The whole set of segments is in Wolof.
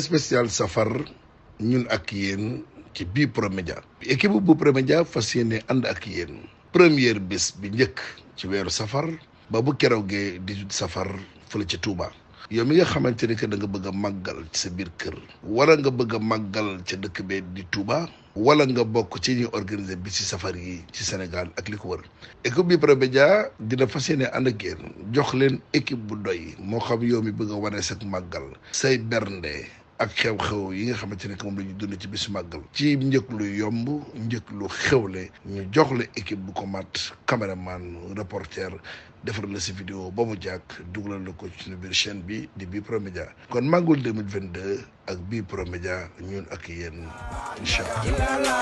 spécial safar ñun ak yéen ci bii promédia équipe bu promédia fas yéene ànd ak yéen première bés bi njëkk ci weeru safar ba bu keroogee di safar fële ci Touba. yow mi nga xamante ni que da nga bëgg a màggal ci sa biir kër wala nga bëgg a màggal ca dëkk bee di Touba wala nga bokk ci ñuy organiser bi ci safar yi ci Sénégal ak li ko wër équipe bi Promedia dina fas yéene ànd ak yéen jox leen équipe bu doy moo xam yow mi bëgg a wane sa màggal say bernde ak xew-xew yi nga xamante ne moom la ñu ci bis màggal ci njëkk yomb njëkk lu ñu jox la équipe bu ko mat caméraman reporter defar la si vidéo ba mu jàkk dugalal la ko ci suñu biir bi di Bi Pro Média kon màggul 2022 ak Bi Pro Média ñun ak yéen incha allah.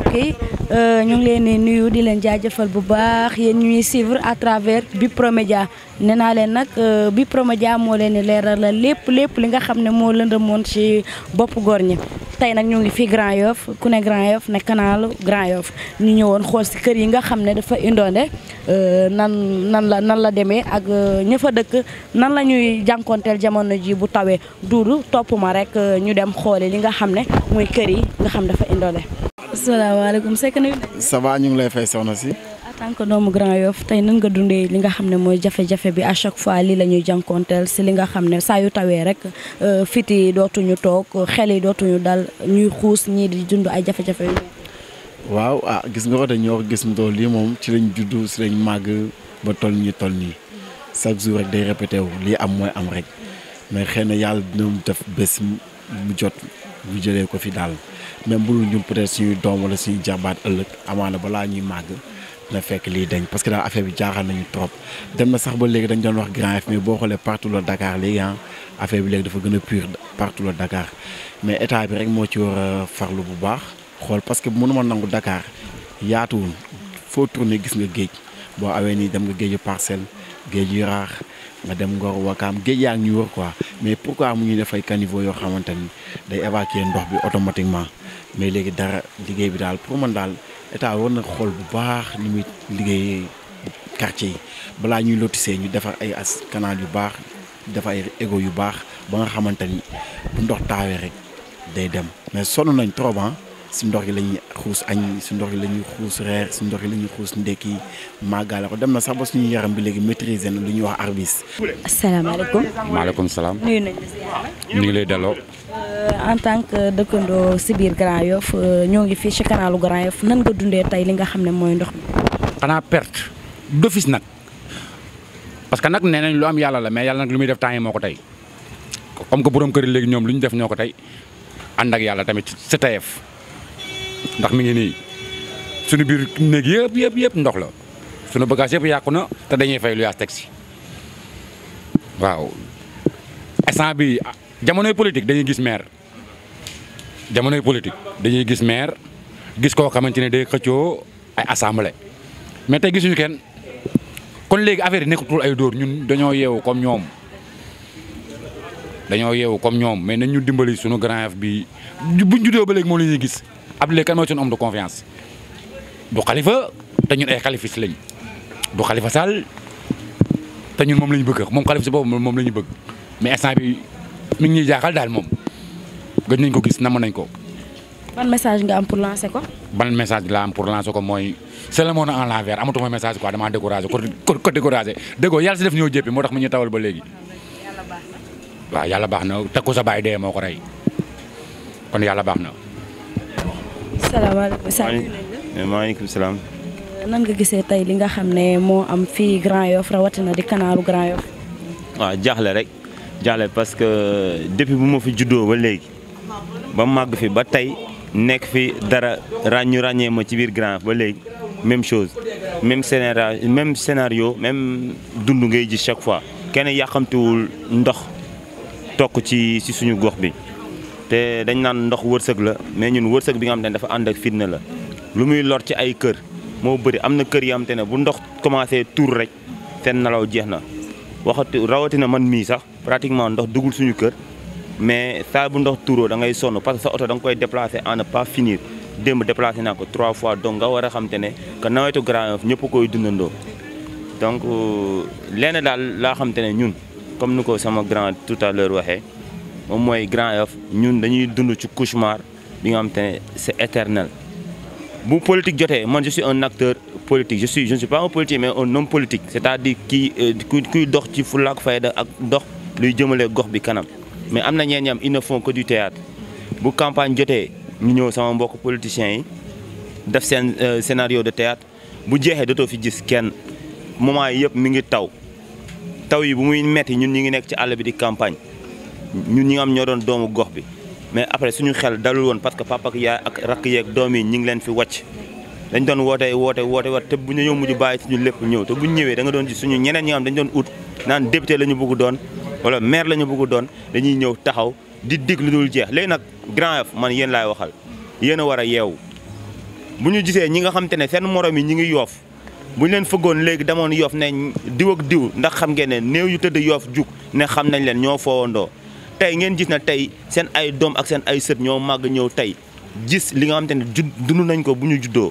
mbokk yi euh, ñu ngi leen di nuyu di leen jaajëfal bu baax yéen ñuy suivre à travers Bpromedia nee naa leen nag euh, Bpromedia moo leen di leeralal lépp lépp li nga xam ne moo lëndëmoon ci bopp góor ñi tey nag ñu ngi fi Grand Yoff ku ne Grand Yoff ne canal Grand Yoff ñu ñëwoon xool si kër yi nga xam ne dafa indoonde euh, nan nan la nan la demee ak ñëfa dëkk nan la ñuy jànkonteel jamono ji bu tawee duudu topp ma rek ñu dem xoole li nga xam ne muy kër yi nga xam dafa indoonde asalaamaaleykum Seck nuyu nañu. ça va ñu ngi lay fay soxna si. Euh, en tant que doomu Grand Yoff tey nan nga dundee li nga xam ne mooy jafe-jafe bi à chaque fois lii la ñuy jànkonteel si li nga xam ne saa yu tawee rek euh, fit yi dootuñu toog xel yi dootuñu dal ñuy xuus ñii di dund ay jafe-jafe yu waaw ah gis nga ko de ñoo ko gis ndoo lii moom ci lañ juddu si lañ màgg ba toll ñu toll nii chaque jour rek day répété lii am mooy am rek mais xëy na yàlla dina mu def bés jot ñu jëlee ko fi daal mais bu dul ñun peut être suñuy doom wala suñuy jabaat ëllëg amaana balaa ñuy màgg na fekk lii deñ parce que daal affaire bi jaaxal nañu trop dem na sax ba léegi dañ doon wax Grand Yoff mais boo xoolee partout le Dakar léegi ah affaire bi léegi dafa gën a pur partout le Dakar mais état bi rek moo ci war a farlu bu baax xool parce que mënuma nangu Dakar yaatuwul foo tourné gis nga géej boo awee nii dem nga géeju parcelle géej yu raax nga dem Ngor Wakaam géej yaa ngi ñu wër quoi mais pourquoi mu ñuy def ay caniveau yoo xamante ni day évacuer ndox bi automatiquement mais léegi dara liggéey bi daal pour man daal état war na xool bu baax ni muy liggéey quartier yi balaa ñuy lotissé ñu defar ay as canal yu baax defar ay égo yu baax ba nga xamante ni bu ndox taawee rek day dem mais sonn nañ trop si ndox yi la ñuy xuus añ si ndox yi la ñuy xuus reer si ndox yi la ñuy xuus ndekki màggaale ko dem na sax ba suñu yaram bi léegi maîtriser na lu ñuy wax arbis. asalaamaaleykum. maaleykum salaam. nuyu nañu la ñu ngi lay delloo. Euh, en tant que dëkkandoo si biir Grand euh, ñoo ngi fii si kanalu Grand Yoff nan nga dundee tey li nga xam ne mooy ndox xanaa perte d'office nag parce que nag nee nañ lu am yàlla la mais yàlla nag lu muy def temps moo ko tey comme que borom kër yi léegi ñoom lu ñu def ñoo ko tey ànd ak yàlla tamit sa tayeef. ndax mi ngi nii suñu biir néeg yëpp yëpp yëpp ndox la suñu bagage yëpp yàqu na te dañuy fay lu yaas teg si waaw instant bi ah, jamonoy politique dañuy gis maire jamonoy politique dañuy gis maire gis koo xamante ne day xëccoo ay assemblée mais tey gisuñu kenn kon léegi affaire yi nekkatul ay dóor ñun dañoo yeewu comme ñoom dañoo yeewu comme ñoom mais nañ ñu dimbali sunu grand chef bi bu juddoo ba léegi moom la ñuy gis Abdoulaye kan mooy suñu homme de confiance du xalifa te ñun ay xalifis lañ du xalifa Sall te ñun moom la ñu bëgg moom xalifa boobu moom la ñu bëgg mais instant bi mi ngi ñuy jaaxal daal moom gëj nañ ko gis namoon nañ ko. ban message nga am pour lancer ko. ban message la am pour lancer ko mooy c'est le monde en l'envers amatuma message quoi damaa découragé ko ko découragé déggoo yàlla si def ñoo jéppi moo tax mu ñu tawal ba léegi. waaw yàlla baax na teg ko sa baay dee moo ko rey kon yàlla baax na. salaamaaleykum. maaleykum salaam. nan nga gisee tey li nga xam ne moo am fii Grand Yoff rawatina di kanaaru Grand Yoff. waaw jaaxle rek jaaxle parce que depuis bu ma fi juddoo ba léegi ba màgg fi ba tey nekk fi dara ràññu ràññee ma ci biir Grand ba léegi même chose même scénario même dund nga gis chaque fois kenn yàqamtiwul ndox tokk ci ci suñu gox bi. te dañ naan ndox wërsëg la mais ñun wërsëg bi nga xam ne dafa ànd ak fitna la lu muy lor ci ay kër moo bëri am na kër yoo xam te ne bu ndox commencé tuur rek seen nalaw jeex na waxati rawatina man mii sax pratiquement ndox dugul suñu kër mais saa bu ndox turo da ngay sonn parce que sa oto da nga koy déplacer à ne pas finir démb déplacé naa ko trois fois donc nga war a xam te ne que nawetu Grand Yoff ñëpp koy dundandoo donc euh, lenn daal laa xam te ne ñun comme ni ko sama grand tout waxee moom mooy Grand Yoff ñun dañuy dund ci cauchemar bi nga am te ne c'est éternel bu politique jotee man je suis un acteur politique je suis je ne suis pas un politique mais un homme politique c'est-à-dire kii euh, kuy dox ci fulaak fayda ak dox luy jëmalee gox bi kanam mais am na ñeen ñam ils ne que du théâtre bu campagne jotee ñu ñëw sama mbokk politiciens yi def seen euh, scénario de théâtre bu jeexee dootoo fi gis kenn moment yi yëpp mi ngi taw taw yi bu muy metti ñun ñu ngi nekk ci àll bi di campagne ñun ñu nga am ñoo doon doomu gox bi mais après suñu xel dalul woon parce que papa ak yaay ak rakk yeeg doom yi ñu ngi leen fi wàcc dañ doon woote woote woote wat te bu ñu ñëw mujj bàyyi suñu lépp ñëw bu ñu ñëwee da nga doon gis suñu ñeneen ñi nga am naan député la ñu doon wala maire la ñu bëgg doon dañuy ñëw taxaw di dig lu jeex léegi nag Grand man yéen laay waxal yéen a war a yeewu bu ñu gisee ñi nga xam ne seen morom yi ñi ngi yoof bu ñu leen fëggoon léegi damoon yoof ne diw ak diw ndax xam ngeen ne néew yu tëdd yoof jug ne xam nañ leen ñoo foowandoo tey ngeen gis na tey seen ay doom ak seen ay sët ñoo màgg ñëw tey gis li nga xamante ne jud dund nañ ko bu ñu juddoo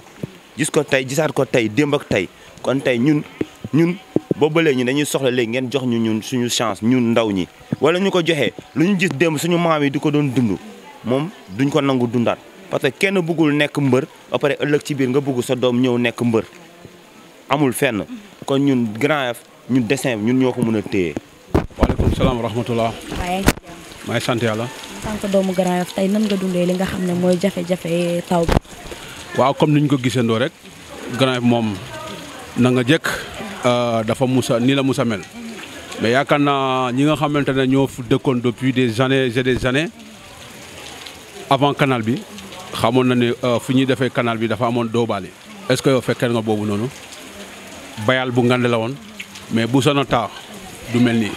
gis ko tey gisaat ko tey démb ak tey kon tey ñun ñun boobalee ñu dañuy soxla léegi ngeen jox ñu ñun suñu chance ñun ndaw ñi wala ñu ko joxee lu ñu gis démb suñu maam yi di ko doon dund moom duñ ko nangu dundaat parce que kenn bëggul nekk mbër ba pare ëllëg ci biir nga bugg sa doom ñëw nekk mbër amul fenn kon ñun Grand Yoff ñun dessin ñun ñoo ko mën a téye. waaleykum maa ngi sant yàlla. sànq doomu Grand Yoff tey nan nga dundee li nga xam ne mooy jafe-jafe taw bi. waaw comme ni ñu ko gisandoo rek Grand Yoff moom na nga jëkk euh, dafa musa nii la musa mel mais yaakaar naa ñi nga xamante ne ñoo dëkkoon depuis des années et des années avant kanal bi xamoon na ne euh, fu ñuy defee kanal bi dafa amoon doobaale est-ce que yow fekkee nga boobu noonu bayal bu ngande la woon mais bu sono taa du mel nii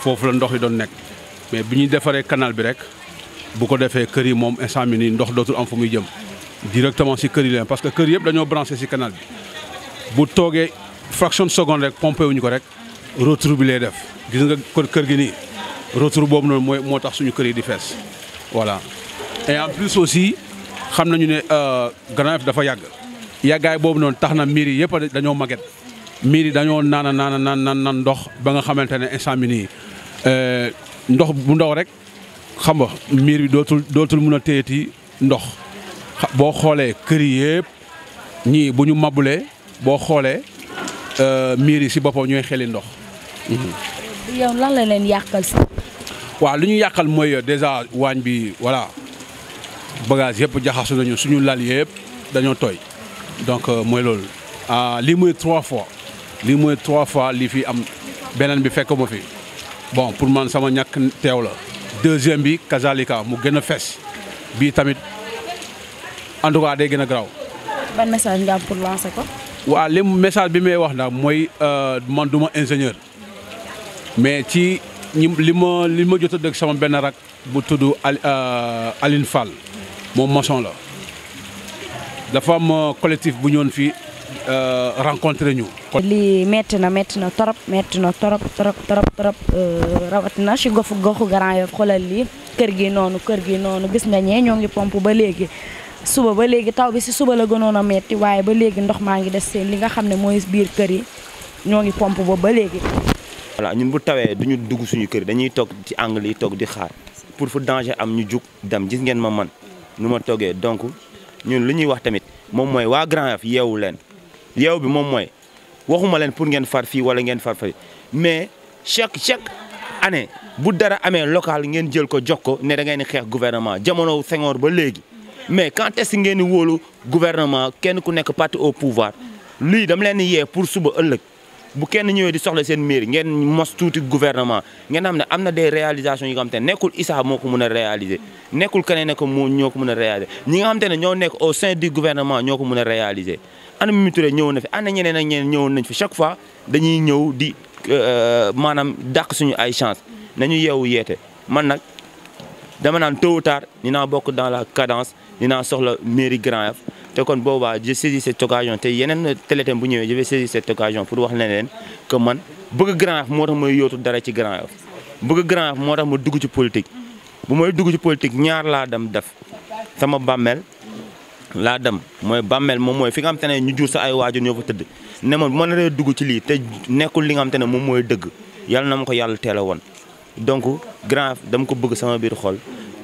foofu la ndox yi doon nekk mais bi ñuy defaree kanaal bi rek bu ko defee kër yi moom instant bi nii ndox dootul am fu muy jëm directement si kër yi leen parce que kër yëpp dañoo branché si canal bi bu toogee fraction de seconde rek pompé wuñu ko rek retour bi lay def gis nga kër kër gi nii retour boobu noonu mooy moo tax suñu kër yi di fees voilà. et en plus aussi xam nañu ne euh, Grand Yoff dafa yàgg yàggaay boobu noonu tax na miir yi yëpp dañoo màgget miir yi dañoo naan naan naan naan ndox ba nga xamante ne instant bi euh, ndox bu ndaw rek xam nga miir bi dootul dootul mun a téyeti ndox boo xoolee kër yëpp ñii bu ñu mabulee boo xoolee euh, miir yi si boppam ñooy xeli ndox. yow lan la leen yàqal si. waaw li ñu yàqal mooy déjà waañ bi voilà bagage yëpp jaxasu nañu suñu lal yëpp dañoo tooy donc euh, mooy loolu ah, lii mooy trois fois lii mooy trois fois lii fi am beneen bi fekk ma fi. bon pour man sama ñàkk teew la deuxième bi kazalika mu gën a fees bii tamit en tout gën a garaaw. ban message nga am pour lancer ko. waaw li message bi may wax nag mooy euh, man du ma ingénieur mais ci li ma li ma jot a dëgg sama benn rag bu tudd euh, alin Fall moom maçon la dafa am euh, collectif bu ñoon fii Euh, rencontré ñu. lii métti na métti na torop métti na torop torop torop torop euh, rawatina si goxu goxu Grand Yoff xoolal lii kër gi noonu kër gi noonu gis nga ñee ñoo ngi pomp ba léegi. suba ba léegi taw bi si suba la gënoon a metti waaye ba léegi ndox maa ngi des seen li nga xam ne mooy biir kër yi ñoo ngi pomp ba ba léegi. voilà ñun bu tawee duñu dugg suñu kër dañuy toog ci angle yi toog di xaar pour fu danger am ñu jug dem gis ngeen ma man nu ma toogee donc ñun lu ñuy wax tamit moom mooy waa Grand Yoff leen. yeew bi moom mooy waxuma leen pour ngeen far fii wala ngeen far fii mais chaque chaque année bu dara amee local ngeen jël ko jox ko ne da ngeen di xeex gouvernement jamono Senghor ba léegi mais quand ngeen di wóolu gouvernement kenn ku nekk parti au pouvoir lii dama leen di yee pour suba ëllëg bu kenn ñëwee di soxla seen mairie ngeen mos tuuti gouvernement ngeen am ne am na des réalisations yi nga ne nekkul Issa moo ko mën a réaliser nekkul keneen ne ko moo ñoo ko mën a réaliser ñi nga xam ne ñoo nekk au sein du gouvernement ñoo ko mën a réaliser ana Mimi Touré ñëwoon fi ana ñeneen ak ñeneen ñëwoon nañ fi chaque fois dañuy ñëw di euh, maanaam dàq suñu ay chance nañu yeewu yeete man nag dama naan tôt ou tard dinaa bokk dans la ñu naa soxla mairie Grand Yoff te kon boobaa je saisis cette occasion te yeneen téléthème bu ñëwee je vais saisir cette occasion pour wax ne leen que man bëgg Grand Yoff moo tax may yóotu dara ci Grand Yoff bëgg Grand Yoff moo tax ma dugg ci politique bu may dugg ci politique ñaar laa dem def sama bàmmeel laa dem mooy bàmmeel moom mooy fi nga xam ne ñu jur sa ay waajur ñoo fa tëdd ne ma mën a dugg ci lii te nekkul li nga ne moom mooy dëgg yàlla na ma ko yàlla teel a woon donc grand dama ko bëgg sama biir xol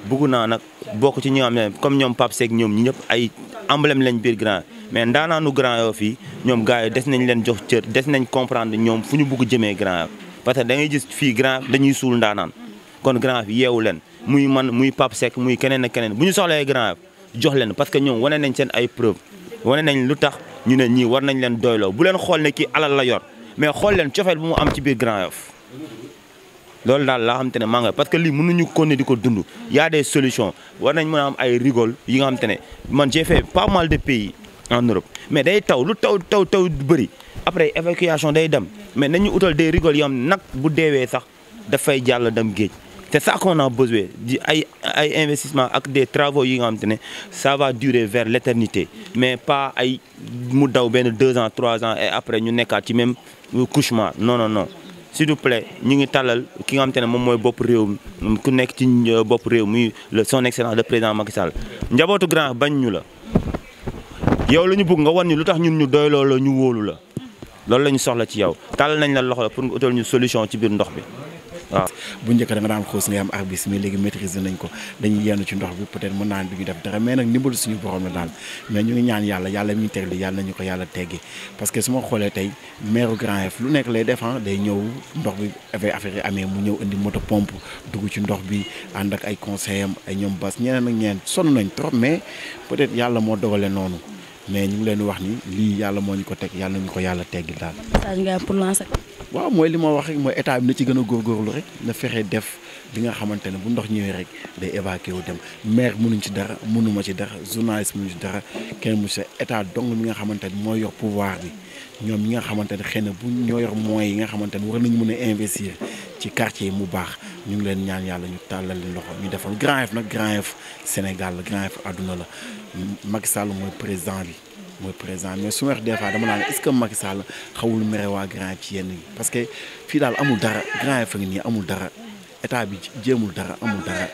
bëgg naa nag bokk ci ñi nga ne comme ñoom Pape Seck ñoom ñi ñëpp ay emblème lañ biir grand mais ndaanaanu grand yoo fii ñoom gars yi des nañ leen jox cër des nañ comprendre ñoom fu ñu bugg jëmee grand parce que da ngay gis fii grand dañuy suul ndaanaan kon grand yeewu leen muy man muy Pape Seck muy keneen keneen bu ñu soxlee grand jox leen parce que ñoom wane nañ seen ay preuve wane nañ lu tax ñu ne ñii war nañ leen doyloo bu leen xool ne kii alal la yor mais xool leen cofeel bu mu am ci biir Grand Yoff loolu daal laa xam ne maa nga parce que lii mënuñu ko ne di ko dund y a solution war nañ mën a am ay rigole yi nga xam ne man j'ai fait pas mal de pays en Europe mais day taw lu taw taw taw bëri après évacuation day dem mais nañu utal des rigoles yoo xam nag bu deewee sax dafay jàll dem géej c'est ça qu'on a besoin di ay ay investissement ak des travaux yi nga xam te ne ça va durer vers l'éternité mais pas ay mu daw benn deux ans trois ans et après ñu nekkaat ci même couchement non no non s'il vous ñu ngi tàllal ki nga xam te ne moom mooy bopp réew mi ku nekk ci euh, bopp réew muy son excellence de président Macky Sall njabootu grand bañ ñu la yaw la ñu bëgg nga wan ñu lu tax ñun ñu doyloo la ñu wóolu la loolu lañu soxla ci yow tàllal nañ la loxo pour nga utal ñu solution ci biir ndox bi waaw ah. bu njëkk da nga daan xoos ngay am arbis mais léegi maîtriser nañ ko dañuy yenn ci ndox bi peut-être mën naa duñu ñu def dara mais nag ndimbalu suñu borom la daal mais ñu ngi ñaan yàlla yàlla mi ñu teg li ko yàlla teggi parce que su ma xoolee tey maire Grand Yoff lu nekk lay def ah, day ñëw ndox bi affaire affaire amee mu ñëw indi moto pompe dugg ci ndox bi ànd ak ay conseil am ay ñoom bas ñeneen ak ñeneen sonn nañ trop mais peut-être yàlla moo dogale noonu mais ñu ngi leen wax ni lii yàlla moo ñu ko teg yàlla ñu ko yàlla teggi daal waaw mooy li ma wax rek mooy état bi na ci gën a góorgóorlu rek na fexe def li nga xamante ne bu ndox ñëwee rek day évacué wu dem maire mënuñ ci dara munuma ci dara journaliste mënuñ ci dara kenn mu ci état dong mi nga xamante ne mooy yor pouvoir bi ñoom ñi nga xamante ne xëy na bu ñoo yor moyens yi nga xamante ne war nañu mën a investir ci quartier yi mu baax ñu ngi leen ñaan yàlla ñu tàllali leen loxo ñu defal Grand Yoff nag Grand Yoff Sénégal la Grand Yoff àdduna la Macky Sall mooy président bi mooy président mais su ma wax des fois dama naan est-ce que Macky Sall xawul mere waa Grand Yoff ci yenn parce que fii daal amul dara Grand Yoff fa ngi nii amul dara état bi jéemul dara amul dara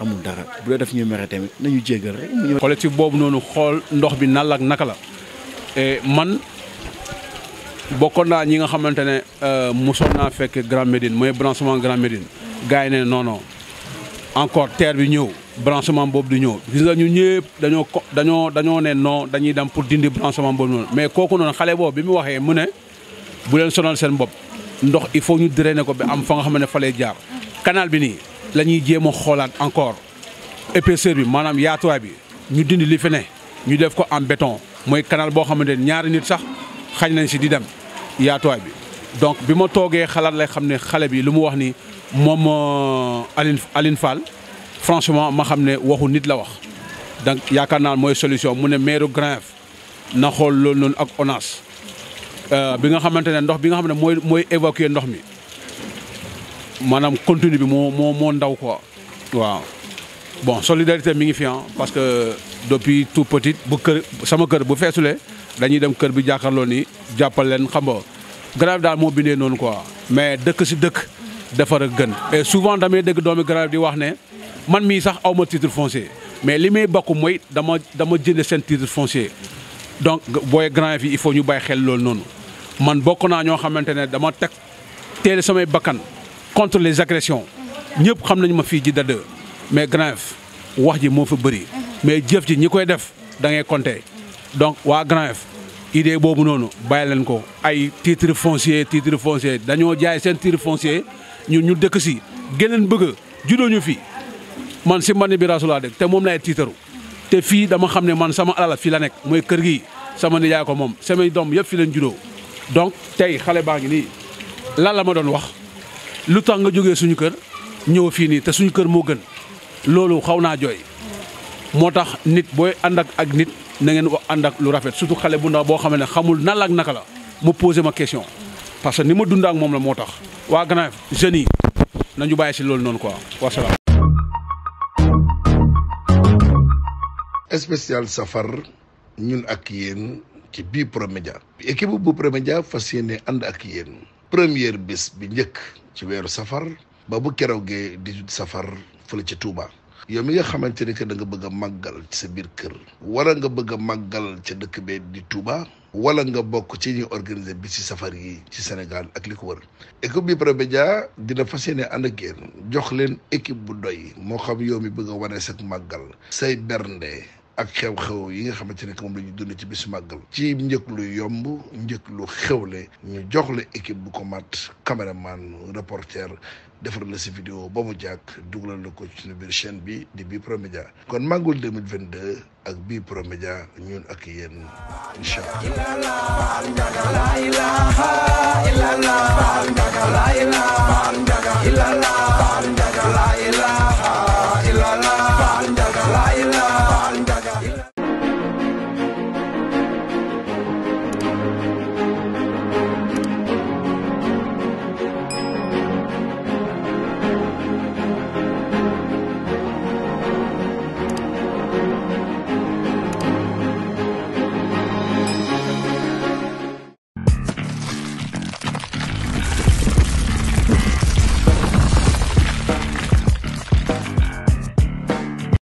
amul dara bu dee daf ñuy mere tamit nañu jéggal rek. collectif boobu noonu xool ndox bi nal ak naka la man bokkoon naa ñi nga xamante ne euh, mosoon naa fekk Grand Médine mooy branchement Grand Médine gars yi ne non encore terre bi ñëw. branchement boobu du ñëw gis nga ñun ñëpp dañoo ko dañoo dañoo ne non dañuy dem pour dindi branchement boobu noonu mais kooku noonu xale boo bi mu waxee mu ne bu leen sonal seen bopp ndox il faut ñu drainer ko bi am fa nga xam ne falee lay jaar. canal bi nii lañuy ñuy jéem a xoolaat encore épaisseur bi maanaam yaatuwaay bi ñu dindi li fi ne ñu def ko en beton mooy canal boo xamante ne ñaari nit sax xañ nañ si di dem yaatuwaay bi. donc bi ma toogee xalaat lay xam ne xale bi lu mu wax ni moom Aline Aline franchement ma xam ne waxu nit la wax donc yaakaar naa mooy solution mu ne maire Grand na xool loolu noonu ak ONAS euh, bi nga xamante ne ndox bi nga xam ne mooy mooy évacuer ndox mi maanaam continue bi moo moo moo ndaw ko waaw bon solidarité mi ngi fi ah, parce que depuis tout petit bu kër sama kër bu feesulee dañuy dem kër bi jàkkaarloo ni jàppal leen xam nga Grand daal moo bindee noonu quoi mais dëkk si dëkk defar a gën et souvent damay dégg doomi Grand man mii sax awma titre foncier mais li may bakku mooy dama dama jënd seen titre foncier donc booy grand yi il faut ñu bàyyi xel loolu noonu man bokk naa ñoo xamante ne dama teg teel samay bakkan contre les agressions ñëpp xam nañu ma fii ji dade mais grand wax ji moo fa bëri mais jëf ji ñi koy def da ngay compter donc waa grand idée boobu noonu bàyyi leen ko ay titre foncier titre fonse dañoo jaay seen titre foncier ñu ñu dëkk si geneen bëgg juddoo fii man si mbanni bi rasu laa dëkk te moom laay tiitaru te fii dama xam ne man sama alal fii la nekk mooy kër gi sama nijaay ko moom samay doom yëpp fi leen juddoo donc tey xale baa ngi nii lan la ma doon wax lu tax nga jógee suñu kër ñëw fii nii te suñu kër moo gën loolu xaw naa jooy moo tax nit booy ànd ak ak nit na ngeen wax ànd ak lu rafet surtout xale bu ndax boo xam ne xamul nan ak naka la mu posé ma question parce que ni ma dundaak moom la moo tax. waa gannaaw jeunes yi nañu bàyyi si loolu noonu quoi spécial safar ñun ak yéen ci bii promédia bi équipe bu promédia fas yéene ànd ak yéen première bis bi njëkk ci weeru safar ba bu keroogee di safar fële ci Touba. yow mi nga xamante ni que da nga bëgg a màggal ci sa biir kër wala nga bëgg a màggal ca dëkk bee di Touba. wala nga bokk ci ñuy organiser bi ci safar yi ci Sénégal ak li ko wër équipe bi promédia dina fas yéene ànd ak yéen jox leen équipe bu doy moo xam yow mi bëgg a wane sa màggal say ak xew-xew yi nga xamante ne que moom la ñu dund ci bisu màggal ci njëkk lu yomb njëkk lu xewle ñu jox le équipe bu ko mat caméraman reporter defar la si vidéo ba mu jàkk dugalal la ko ci suñu biir chaîne bi di bi Bprod Média kon màggul 2022 ak Bprod Média ñun ak yéen incha allah.